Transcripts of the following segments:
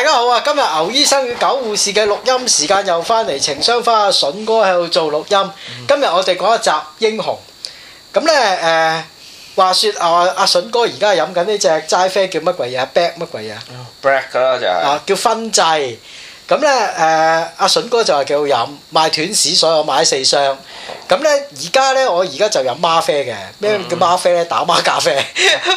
大家好啊！今日牛醫生與狗護士嘅錄音時間又翻嚟，情商翻阿順哥喺度做錄音。今日我哋講一集英雄。咁呢，誒、呃，話說啊，阿順哥而家飲緊呢隻齋啡叫乜鬼嘢 b a c 乜鬼嘢？black 啦就係，Bad，啊、叫分劑。咁咧，誒阿筍哥就話幾好飲，買斷屎水，我買咗四箱。咁咧，而家咧，我而家就飲馬啡嘅，咩叫馬啡咧？打馬咖啡，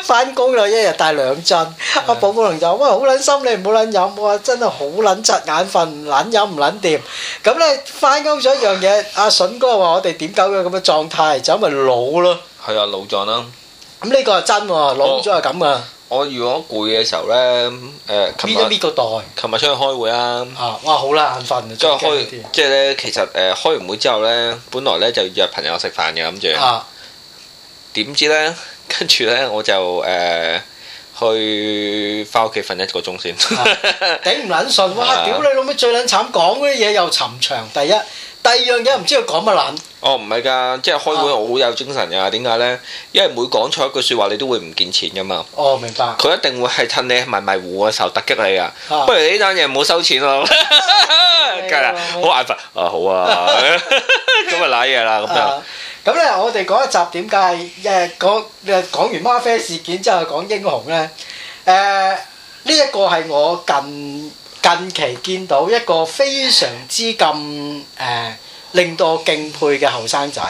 翻工啦一日帶兩樽。阿寶寶龍就話，喂，好撚心，你唔好撚飲，我話，真係好撚窒眼瞓，撚飲唔撚掂。咁咧，翻工咗一樣嘢，阿筍哥話我哋點解有咁嘅狀態，就因為老咯。係啊，老咗啦。咁呢個係真喎，老咗係咁啊。我如果攰嘅時候咧，誒、呃，琴日琴日出去開會啦。啊，哇，好難瞓啊！即係開，即係咧，其實誒，開完會之後咧，本來咧就約朋友食飯嘅諗住。啊，點知咧？跟住咧，我就誒、呃、去翻屋企瞓一個鐘先。啊、 頂唔撚順哇！屌你老味最撚慘，講嗰啲嘢又沉長，第一。第二樣嘢唔知佢講乜撚？哦，唔係㗎，即係開會我好有精神㗎。點解呢？因為每講錯一句説話，你都會唔見錢㗎嘛。哦，明白。佢一定會係趁你迷迷糊嘅時候突擊你㗎。啊、不如呢單嘢唔好收錢咯，梗係好眼瞓啊！好啊，咁啊瀨嘢啦咁啊。咁咧，嗯、我哋講一集點解誒講誒講完馬啡事件之後講英雄呢？誒呢一個係我近。近期見到一個非常之咁誒、呃，令到我敬佩嘅後生仔。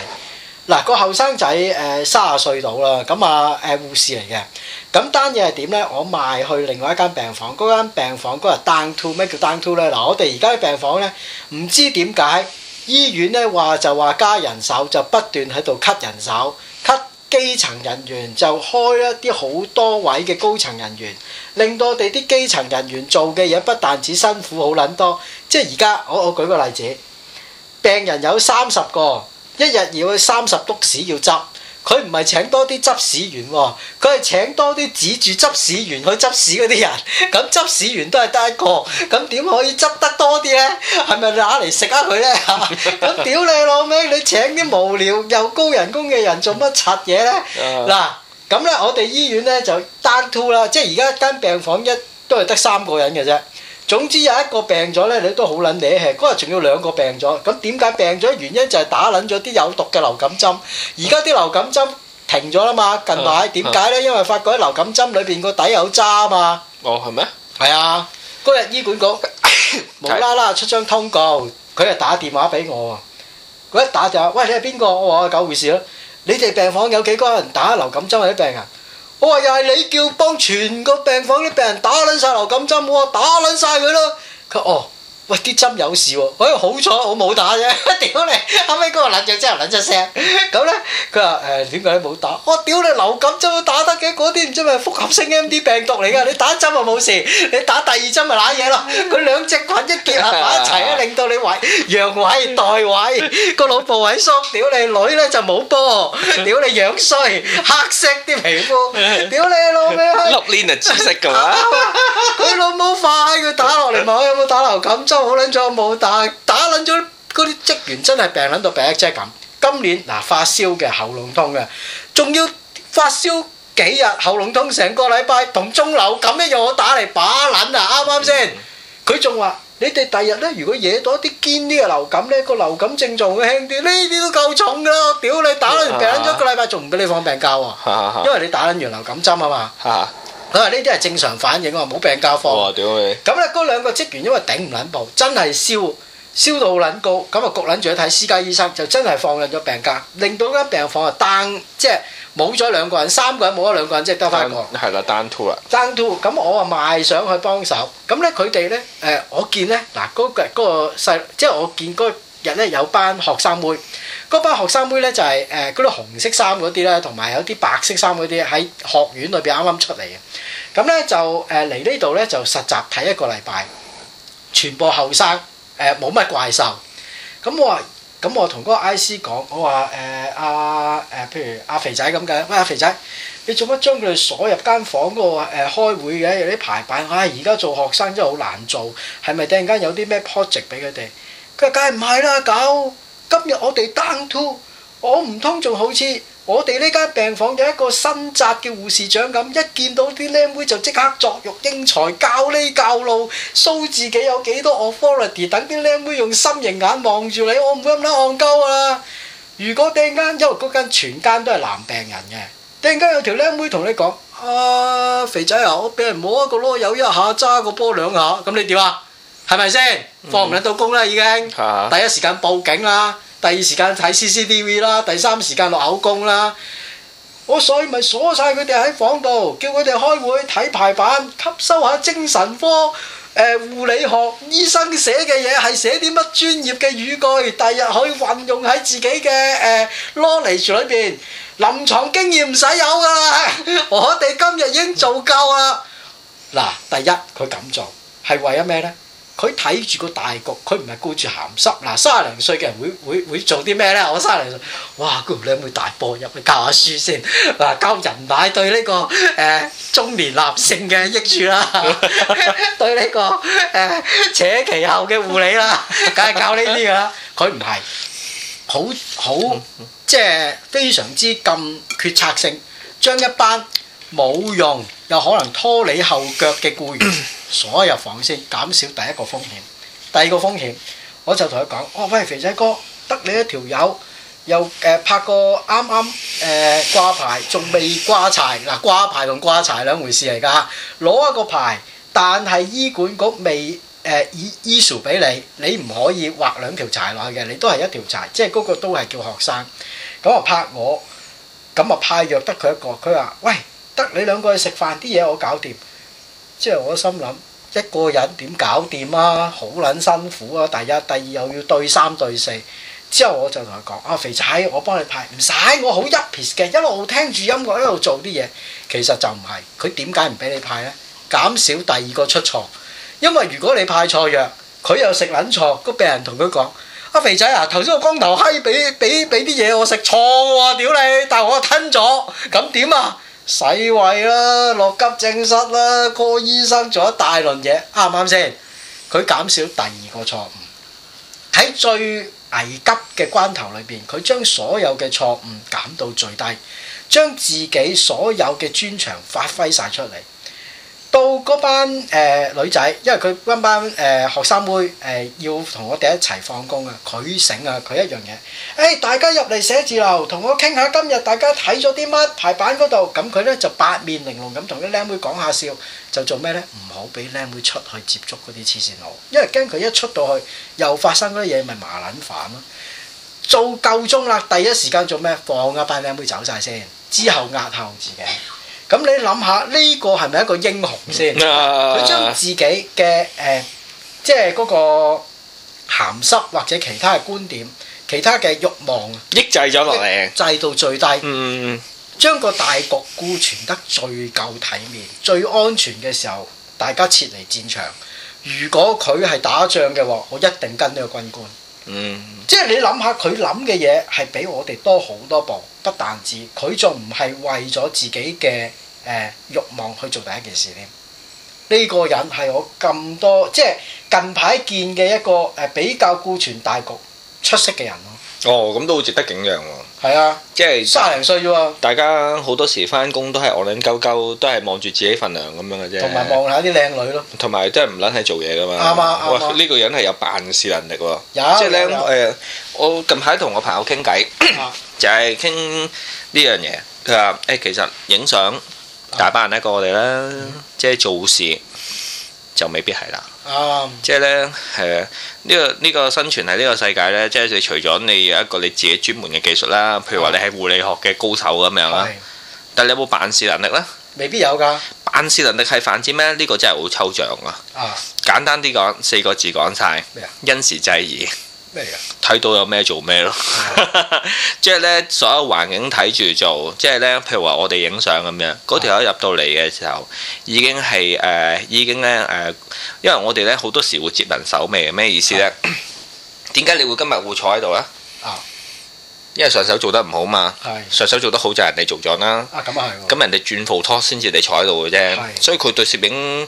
嗱，個後生仔誒三十歲到啦，咁啊誒護士嚟嘅。咁單嘢係點咧？我賣去另外一間病房，嗰間病房嗰個係單 two，咩叫單 two 咧？嗱，我哋而家嘅病房咧，唔知點解醫院咧話就話加人手，就不斷喺度 cut 人手。基層人員就開一啲好多位嘅高層人員，令到我哋啲基層人員做嘅嘢不但止辛苦好撚多，即係而家我我舉個例子，病人有三十個，一日要去三十篤屎要執。佢唔係請多啲執屎員喎。哦，佢係請多啲指住執屎員去執屎嗰啲人，咁執屎員都係得一個，咁點可以執得多啲呢？係咪攬嚟食啊佢咧？咁 屌你老味，你請啲無聊又高人工嘅人做乜柒嘢呢？嗱、 啊，咁呢，我哋醫院呢就單 to 啦，即係而家一間病房一都係得三個人嘅啫。總之有一個病咗咧，你都好撚癢嘅。嗰日仲有兩個病咗，咁點解病咗？原因就係打撚咗啲有毒嘅流感針。而家啲流感針停咗啦嘛。近排點解咧？因為發覺喺流感針裏邊個底有渣啊嘛。哦，係咩？係啊，嗰日醫管局無啦啦出張通告，佢就打電話俾我喎。佢一打電話，喂，你係邊個？我話：搞事咯！你哋病房有幾個人打流感針嗰啲病人？我話、哦、又係你叫幫全個病房啲病人打撚曬流感針，我話打撚曬佢咯，佢哦。喂，啲針有事喎！喂，好彩我冇打啫，屌你！後尾佢話撚住之後撚出聲，咁咧佢話誒點解冇打？我屌你流感針都打得嘅，嗰啲唔知咪複合性 M D 病毒嚟㗎，你打針咪冇事，你打第二針咪瀨嘢咯。佢兩隻骨一夾埋一齊啊，令到你位仰位代位，個腦部位縮，屌你女咧就冇波，屌你樣衰，黑色啲皮膚，屌你老味去！粒脷係紫色㗎嘛？佢老母快，佢打落嚟問我有冇打流感針。冇捻咗冇打打捻咗嗰啲職員真係病捻到病啫咁。今年嗱發燒嘅喉嚨痛嘅，仲要發燒幾日喉嚨痛成個禮拜，同中流感一樣，我打嚟把捻啊啱唔啱先？佢仲話：你哋第日咧，如果惹到啲堅啲嘅流感咧，個流感症狀會輕啲。呢啲都夠重㗎咯，屌你打捻病咗一個禮拜，仲唔俾你放病假喎？因為你打捻完流感針啊嘛。佢話呢啲係正常反應，我冇病假放。咁咧，嗰兩個職員因為頂唔撚住，真係燒燒到撚高，咁啊焗撚住去睇私家醫生，就真係放任咗病假，令到間病房啊單即係冇咗兩個人，三個人冇咗兩個人，即係得翻一個。係啦、嗯，單 two 啊。單 two，咁我啊賣上去幫手。咁咧佢哋咧誒，我見咧嗱嗰個嗰個細、嗰個嗰個，即係我見嗰日咧有班學生妹。嗰班學生妹咧就係誒嗰啲紅色衫嗰啲咧，同埋有啲白色衫嗰啲喺學院裏邊啱啱出嚟嘅，咁咧就誒嚟、呃、呢度咧就實習睇一個禮拜，全部後生，誒冇乜怪獸，咁我話咁我同嗰個 I C 講，我話誒阿誒譬如阿、啊、肥仔咁嘅，喂、啊、阿肥仔，你做乜將佢哋鎖入間房、那、嗰個誒、呃、開會嘅有啲排版，唉而家做學生真係好難做，係咪突然間有啲咩 project 俾佢哋？佢話梗係唔係啦，狗。今日我哋 down to，我唔通仲好似我哋呢間病房嘅一個新紮嘅護士長咁，一見到啲靚妹就即刻作育英才，教呢教路，show 自己有幾多 authority，等啲靚妹用心形眼望住你，我唔會咁樣戇鳩啊！如果突然間因為嗰間全間都係男病人嘅，突然間有條靚妹同你講：啊，肥仔啊，我俾人摸一個囉柚，一下，揸個波兩下，咁你點啊？係咪先？放唔甩到工啦，已經。第一時間報警啦，第二時間睇 CCTV 啦，第三時間落口供啦。我所以咪鎖晒佢哋喺房度，叫佢哋開會睇排版，吸收下精神科、誒護理學醫生寫嘅嘢，係寫啲乜專業嘅語句，第日可以運用喺自己嘅誒 knowledge 裏邊。臨床經驗唔使有噶啦，我哋今日已經做夠啦。嗱，第一佢咁做係為咗咩呢？佢睇住個大局，佢唔係顧住鹹濕。嗱，卅零歲嘅人會會會做啲咩咧？我卅零歲，哇！你有冇大波入去教下書先。嗱，教人奶對呢個誒中年男性嘅益處啦，對呢個誒扯其後嘅護理啦，梗係教呢啲㗎啦。佢唔係好好，即係非常之咁決策性，將一班冇用又可能拖你後腳嘅僱員。所有房先，減少第一個風險，第二個風險我就同佢講：，哦，喂，肥仔哥，得你一條友，又誒、呃、拍個啱啱誒掛牌，仲未掛柴，嗱、呃、掛牌同掛柴兩回事嚟㗎。攞一個牌，但係醫管局未誒以 issue 俾你，你唔可以畫兩條柴落去嘅，你都係一條柴，即係嗰個都係叫學生。咁啊拍我，咁啊派藥得佢一個，佢話：，喂，得你兩個去食飯，啲嘢我搞掂。即係我心諗一個人點搞掂啊？好撚辛苦啊！第一、第二又要對三對四。之後我就同佢講：啊，肥仔，我幫你派，唔使，我好一 p i 嘅，一路聽住音樂，一路做啲嘢。其實就唔係佢點解唔俾你派呢？減少第二個出錯。因為如果你派錯藥，佢又食撚錯。個病人同佢講：啊，肥仔啊，頭先個光頭閪俾俾俾啲嘢我食錯喎，屌你！但我吞咗，咁點啊？洗胃啦，落急症室啦，call 醫生做一大輪嘢，啱唔啱先？佢減少第二個錯誤。喺最危急嘅關頭裏邊，佢將所有嘅錯誤減到最低，將自己所有嘅專長發揮晒出嚟。到嗰班誒女仔，因為佢嗰班誒學生妹誒要同我哋一齊放工啊！佢醒啊，佢一樣嘢。誒，大家入嚟寫字樓，同我傾下今日大家睇咗啲乜排版嗰度。咁佢咧就八面玲瓏咁同啲僆妹講下笑，就做咩咧？唔好俾僆妹出去接觸嗰啲黐線佬，因為驚佢一出到去又發生嗰啲嘢，咪麻撚煩咯。做夠鐘啦，第一時間做咩？放啊班僆妹走曬先，之後壓頭自己。咁你諗下呢、這個係咪一個英雄先？佢將、啊、自己嘅誒、呃，即係嗰、那個鹹濕或者其他嘅觀點、其他嘅慾望抑制咗落嚟，制到最低。嗯，將個大局顧全得最夠體面、最安全嘅時候，大家撤離戰場。如果佢係打仗嘅話，我一定跟呢個軍官。嗯，即係你諗下佢諗嘅嘢係比我哋多好多步，不但止，佢仲唔係為咗自己嘅。誒慾、呃、望去做第一件事添。呢、這個人係我咁多即係近排見嘅一個誒比較顧全大局、出色嘅人咯。哦，咁都好值得景仰喎。係啊，即係、啊就是、三廿零歲啫喎。大家好多時返工都係戇撚鳩鳩，都係望住自己份糧咁樣嘅啫，同埋望下啲靚女咯。同埋都係唔撚係做嘢噶嘛。啱啊啱啊，呢個人係有辦事能力喎。即係咧誒，嗯、我近排同我朋友傾偈 就係傾呢樣嘢。佢話誒，其實影相。大班人一個我哋啦，嗯、即係做事就未必係啦。即係咧，係啊，呢個呢個生存喺呢個世界呢，即係除咗你有一個你自己專門嘅技術啦，譬如話你係護理學嘅高手咁樣啦，啊、但係你有冇辦事能力呢？未必有噶。辦事能力係反之咩？呢個真係好抽象啊。啊簡單啲講，四個字講晒。咩啊？因時制宜。睇到有咩做咩咯，即係呢所有環境睇住做，即係呢，譬如話我哋影相咁樣，嗰條友入到嚟嘅時候已經係誒、呃、已經呢，誒、呃，因為我哋呢好多時會接人手尾，嘅？咩意思呢？點解 你會今日會坐喺度呢？ 因為上手做得唔好嘛，上手做得好就係人哋做咗啦。 啊咁啊係喎，咁人哋轉浮拖先至你坐喺度嘅啫， 所以佢對攝影。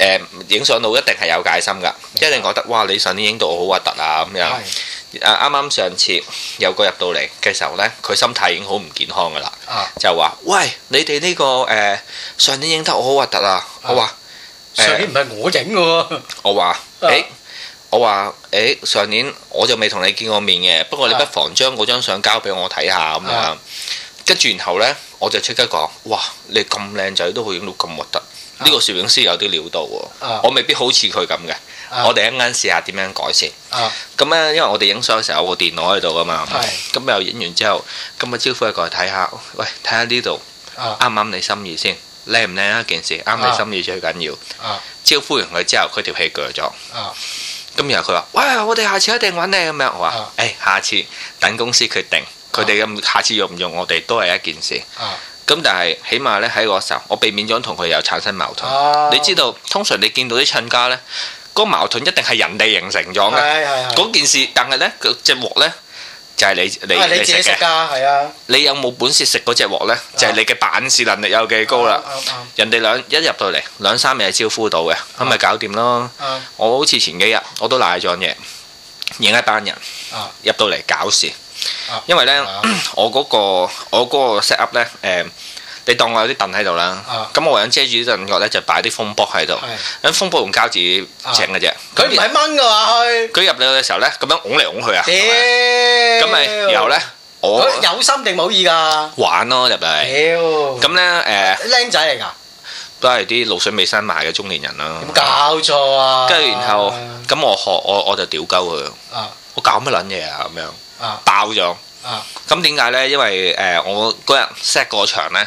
誒影相到一定係有戒心㗎，一定覺得哇你上年影到我好核突啊咁樣。啱啱上次有個入到嚟嘅時候呢，佢心態已經好唔健康㗎啦。就話：喂，你哋呢個誒上年影得我好核突啊！我話上年唔係我影㗎喎。我話：誒我話誒上年我就未同你見過面嘅，不過你不妨將嗰張相交俾我睇下咁樣。跟住然後呢，我就即刻講：哇！你咁靚仔都會影到咁核突。呢個攝影師有啲料到喎，我未必好似佢咁嘅。我哋一陣試下點樣改善。咁咧，因為我哋影相嘅時候有部電腦喺度噶嘛。咁又影完之後，今日招呼佢過嚟睇下，喂，睇下呢度啱唔啱你心意先，靚唔靚一件事，啱你心意最緊要。招呼完佢之後，佢條氣攰咗。咁然後佢話：，喂，我哋下次一定揾你咁樣。我話：，誒，下次等公司決定，佢哋咁下次用唔用我哋都係一件事。咁但係起碼咧，喺嗰時候，我避免咗同佢有產生矛盾。你知道通常你見到啲親家咧，嗰矛盾一定係人哋形成咗嘅。嗰件事，但係咧個隻鑊咧就係你你你食嘅。餵，你自己食㗎，係啊！你有冇本事食嗰隻鑊咧？就係你嘅辦事能力有幾高啦。人哋兩一入到嚟兩三日招呼到嘅，咁咪搞掂咯。我好似前幾日我都賴咗嘢，而係一班人入到嚟搞事。因為咧，我嗰個我嗰個 set up 咧，誒，你當我有啲凳喺度啦，咁我為咗遮住啲凳角咧，就擺啲風波喺度，啲風波用膠紙整嘅啫。佢唔係掹噶話，佢佢入嚟嘅時候咧，咁樣拱嚟拱去啊。屌！咁咪然後咧，我有心定冇意噶？玩咯入嚟。屌！咁咧，誒，僆仔嚟噶？都係啲露水未生埋嘅中年人啦。冇搞錯啊！跟住然後咁我學我我就屌鳩佢，我搞乜撚嘢啊咁樣？爆咗，咁點解咧？因為誒，我嗰日 set 過場咧，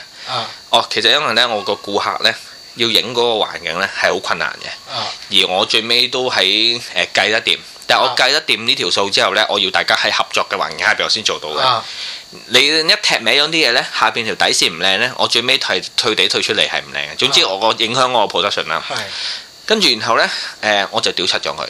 哦，其實因為咧，我個顧客咧要影嗰個環境咧係好困難嘅，而我最尾都喺誒計得掂，但係我計得掂呢條數之後咧，我要大家喺合作嘅環境下邊我先做到嘅。你一踢歪咗啲嘢咧，下邊條底線唔靚咧，我最尾退退地退出嚟係唔靚嘅。總之我個影響我個 position 啦，跟住然後咧誒，我就屌柒咗佢，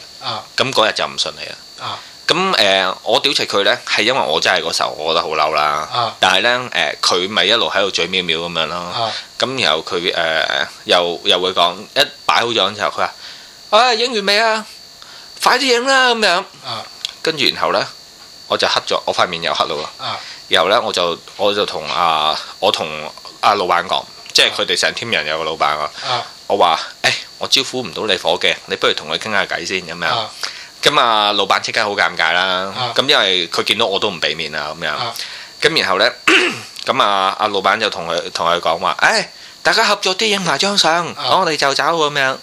咁嗰日就唔順利啦。咁誒、呃，我屌柒佢咧，係因為我真係嗰時候我覺得好嬲啦。啊、但係咧誒，佢、呃、咪一路喺度嘴藐藐咁樣咯。咁、啊、然後佢誒、呃、又又會講一擺好咗」哎，之後，佢話，啊影完未啊？快啲影啦咁樣。跟住、啊、然後咧，我就黑咗我塊面又黑到啦。啊、然後咧我就我就同阿、啊、我同阿老闆講，啊、即係佢哋成 team 人有個老闆啊我。我、哎、話，誒我招呼唔到你伙計，你不如同佢傾下偈先咁樣。嗯。咁啊，老闆即刻好尷尬啦。咁因為佢見到我都唔俾面啊，咁樣。咁然後呢，咁啊，阿老闆就同佢同佢講話，誒，大家合作啲影埋張相，張啊、我哋就走咁樣。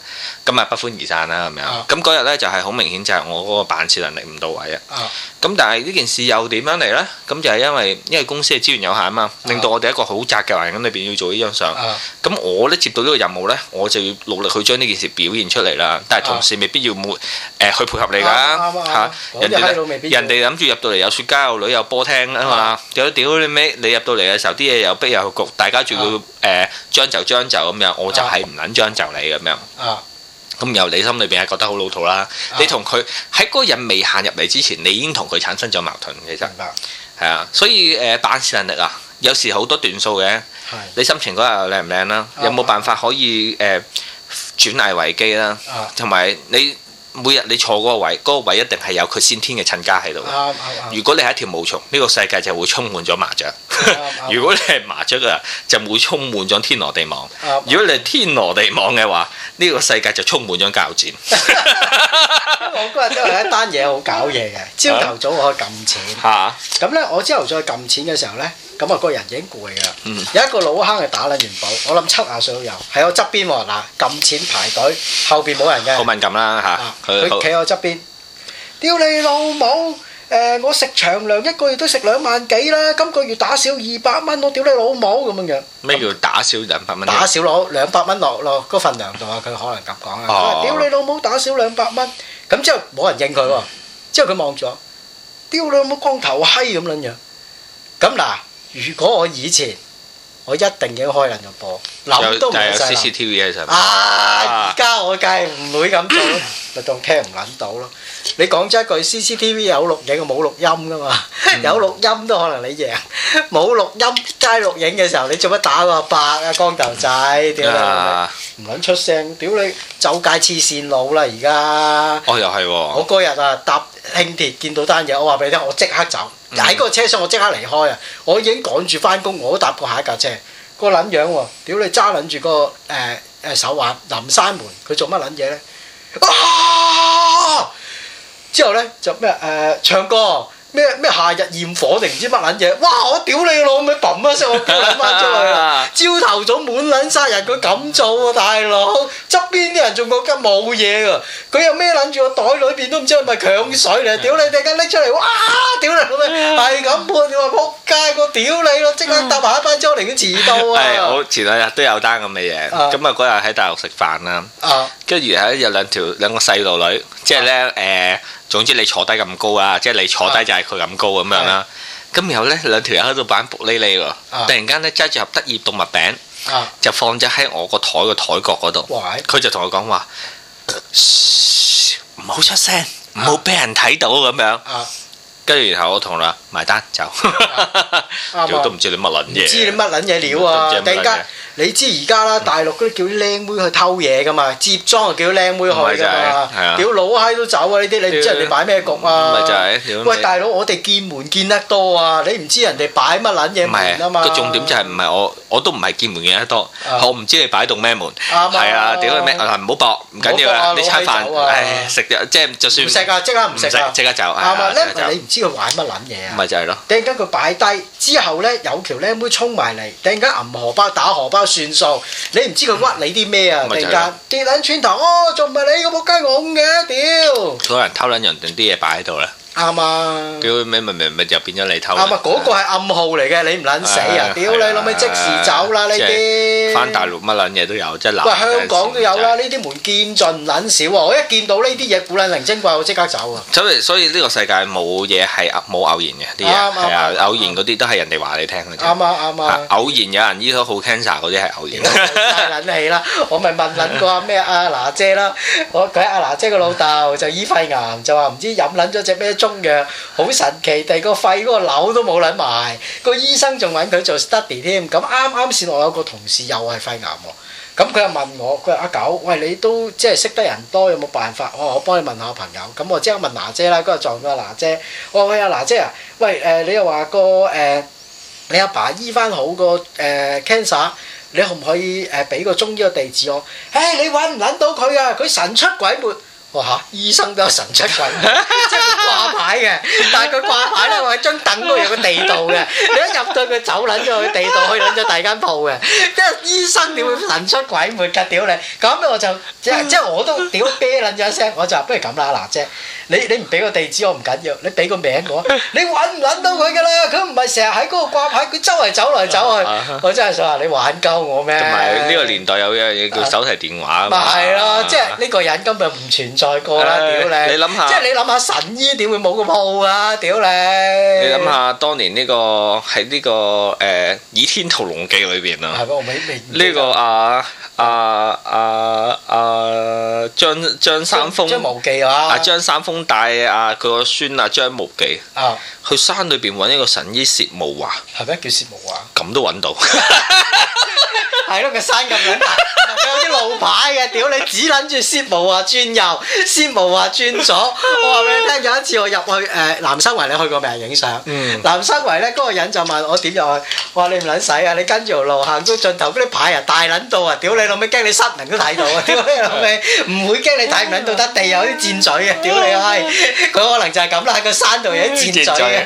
咁啊，不歡而散啦，咁樣。咁嗰日呢，就係、係、好明顯就係我嗰個辦事能力唔到位啊。啊咁但係呢件事又點樣嚟呢？咁就係因為因為公司嘅資源有限啊嘛，令到我哋一個好窄嘅環境裏邊要做呢張相。咁我呢接到呢個任務呢，我就要努力去將呢件事表現出嚟啦。但係同事未必要冇誒去配合你㗎嚇。人哋人哋諗住入到嚟有雪茄、有女、有波廳啊嘛。有屌你尾，你入到嚟嘅時候啲嘢又逼又焗，大家仲要誒將就將就咁樣，我就係唔撚將就你咁樣。咁又你心裏邊係覺得好老土啦。啊、你同佢喺嗰個人未行入嚟之前，你已經同佢產生咗矛盾。其實係、嗯、啊，所以誒辦、呃、事能力啊，有時好多段數嘅。是你心情嗰日靚唔靚啦？啊、有冇辦法可以誒、呃、轉危為機啦、啊？同埋、啊、你。每日你坐嗰個位，嗰、那個位一定係有佢先天嘅襯家喺度。啊、嗯嗯、如果你係一條毛蟲，呢、這個世界就會充滿咗麻雀； 如果你係麻雀嘅人，就會充滿咗天羅地網。嗯、如果你係天羅地網嘅話，呢、這個世界就充滿咗鉸剪。 我嗰日因為一單嘢好搞嘢嘅，朝頭早我撳錢。嚇、啊！咁呢，我朝頭早撳錢嘅時候呢，咁、那、啊個人已經攰啦。嗯、有一個老坑係打撚元寶，我諗七十歲都有。係我側邊人啊，撳錢排隊，後邊冇人嘅。好敏感啦嚇！啊佢企我側邊，屌你老母！誒，我食長糧一個月都食兩萬幾啦，今個月打少二百蚊，我屌你老母咁樣樣。咩叫打少兩百蚊？打少攞兩百蚊落落嗰份糧就話！佢可能咁講啊！屌你老母，打少兩百蚊，咁之後冇人應佢喎，之後佢望咗，屌你老母光頭閪咁樣樣。咁嗱，如果我以前。我一定影開人就播，諗都唔使諗。CCTV 喺上面啊！而家我梗係唔會咁做，咪當聽唔撚到咯。你講咗一句 CCTV 有錄影，冇錄音噶嘛？有錄音都可能你贏，冇錄音齋錄影嘅時候，你做乜打個伯啊？光頭仔，屌你！唔撚出聲，屌你！走街黐線佬啦！而家哦，又係喎。我嗰日啊搭輕鐵見到單嘢，我話俾你聽，我即刻走。喺嗰、嗯、個車廂，我即刻離開啊！我已經趕住翻工，我都搭過下一架車。個撚樣喎，屌你揸撚住個誒誒、呃、手環，臨閂門，佢做乜撚嘢呢？之後呢，就咩誒、呃、唱歌。咩咩夏日焰火定唔知乜撚嘢？哇！我屌你老味，揼一聲，我叫兩班出去。朝頭 早滿撚殺人，佢敢做啊大佬！側邊啲人仲覺得冇嘢㗎，佢又咩撚住個袋裏邊都唔知係咪強水嚟？屌你！突然間拎出嚟！哇！屌你老味，係咁喎！你話仆街，我屌你咯！即刻搭埋一班車嚟啲遲到啊！係、哎、我前兩日都有單咁嘅嘢，咁啊嗰日喺大學食飯啦，跟住係有兩條兩個細路女，即係咧誒。呃 總之你坐低咁高，高啊，即係你坐低就係佢咁高咁樣啦。咁的然後咧兩條友喺度板布哩呢喎，蜂蜂啊、突然間咧揸住得意動物餅，啊、就放咗喺我個台個台角嗰度。佢哇就同我講話：唔、呃、好出聲，唔好俾人睇到咁樣。跟住、啊啊、然後我同啦。埋單走，就都唔知你乜撚嘢。唔知你乜撚嘢料啊！突然間，你知而家啦，大陸都叫啲靚妹去偷嘢噶嘛，接裝啊叫靚妹去噶嘛。係啊！屌老閪都走啊！呢啲你唔知人哋擺咩局啊？唔係就係屌！喂，大佬，我哋見門見得多啊！你唔知人哋擺乜撚嘢門啊嘛？個重點就係唔係我我都唔係見門見得多，我唔知你擺棟咩門。啱啊！係啊！屌你咩啊？唔好搏，唔緊要啊！你炒飯，唉，食嘅即係就算唔食啊！即刻唔食啊！即刻走。啱啊！啱啊！你唔知佢擺乜撚嘢啊？就係咯，突然間佢擺低之後咧，有條靚妹，妹衝埋嚟，突然間銀荷包打荷包算數，你唔知佢屈你啲咩啊？突然間跌撚轉頭，哦，仲唔係你個仆街鵪嘅屌！多人偷撚人定啲嘢擺喺度啦。啱啱，叫咩咪咪咪就變咗你偷啱啊！嗰個係暗號嚟嘅，你唔撚死呀！屌你，諗起即時走啦！呢啲翻大陸乜撚嘢都有，即係嗱，喂，香港都有啦，呢啲門見盡撚少啊！我一見到呢啲嘢古撚靈精怪，我即刻走啊！所以所以呢個世界冇嘢係冇偶然嘅啲嘢，係啊，偶然嗰啲都係人哋話你聽嘅啫。啱啱偶然有人醫咗好 cancer 嗰啲係偶然。真係撚起啦！我咪問撚過咩阿娜姐啦，我鬼阿娜姐個老豆就醫肺癌，就話唔知飲撚咗隻咩。中藥好神奇，第個肺嗰個瘤都冇捻埋，個醫生仲揾佢做 study 添。咁啱啱先我有個同事又係肺癌喎，咁佢又問我，佢話阿狗，喂你都即係識得人多，有冇辦法？我話我幫你問下我朋友。咁我即刻問娜姐啦，嗰日撞到阿娜姐，我話喂阿娜姐啊，喂誒、呃、你又話個誒、呃、你阿爸醫翻好個誒 cancer，你可唔可以誒俾、呃、個中醫嘅地址我？誒、哎、你揾唔揾到佢啊？佢神出鬼沒。哇嚇！醫生都有神出鬼，即係佢掛牌嘅。但係佢掛牌咧，我張凳都有個地道嘅。你一入到佢走撚咗去地道，去撚咗第二間鋪嘅。即係醫生點會神出鬼沒㗎？屌你！咁我就即係即係我都屌啤撚咗聲。我就話：不如咁啦，嗱姐，你你唔俾個地址，我唔緊要。你俾個名我，你揾撚到佢㗎啦。佢唔係成日喺嗰個掛牌，佢周圍走嚟走去。我真係想話你玩鳩我咩？同埋呢個年代有樣嘢叫手提電話啊嘛。咪係咯，即係呢個人根本唔存。再過啦！屌、哎、你！你諗下，即係你諗下神醫點會冇個鋪啊！屌你！你諗下當年呢、這個喺呢、這個誒《倚、呃、天屠龍記裡面》裏邊、這個、啊，呢個啊啊啊啊張張三豐張，張，張無忌啊！張三豐帶啊，佢個孫啊張無忌啊去山裏邊揾一個神醫薛慕華，係咩叫薛慕華？咁都揾到！ 係咯，個山咁樣，佢有啲路牌嘅。屌你，只諗住先無話轉右，先無話轉左。我話俾你聽，有一次我入去誒南生圍，你去過未？影相。南生圍咧，嗰個人就問我點入去，我話你唔撚使啊，你跟住條路行到盡頭，嗰啲牌啊，大撚到啊！屌你，老味驚你失明都睇到啊！屌你老味，唔會驚你睇唔撚到得地有啲箭嘴嘅。屌你閪，佢可能就係咁啦，喺個山度有啲箭嘴嘅。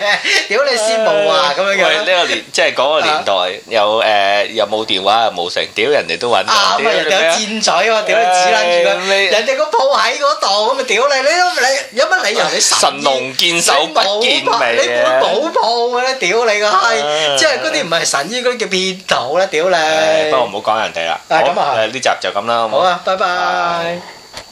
屌你，先無話咁樣樣。呢個年即係嗰個年代，又誒又冇電話又冇。成屌人哋都揾到，人哋有箭咀喎，屌你指撚住個，人哋個鋪喺嗰度，咁咪屌你，你都你有乜理由你神龍見首不見尾？你冇保鋪嘅咧，屌你個閪！即係嗰啲唔係神醫，嗰啲叫騙徒啦，屌你！不過唔好講人哋啦，啊，呢集就咁啦，好冇？好啊，拜拜。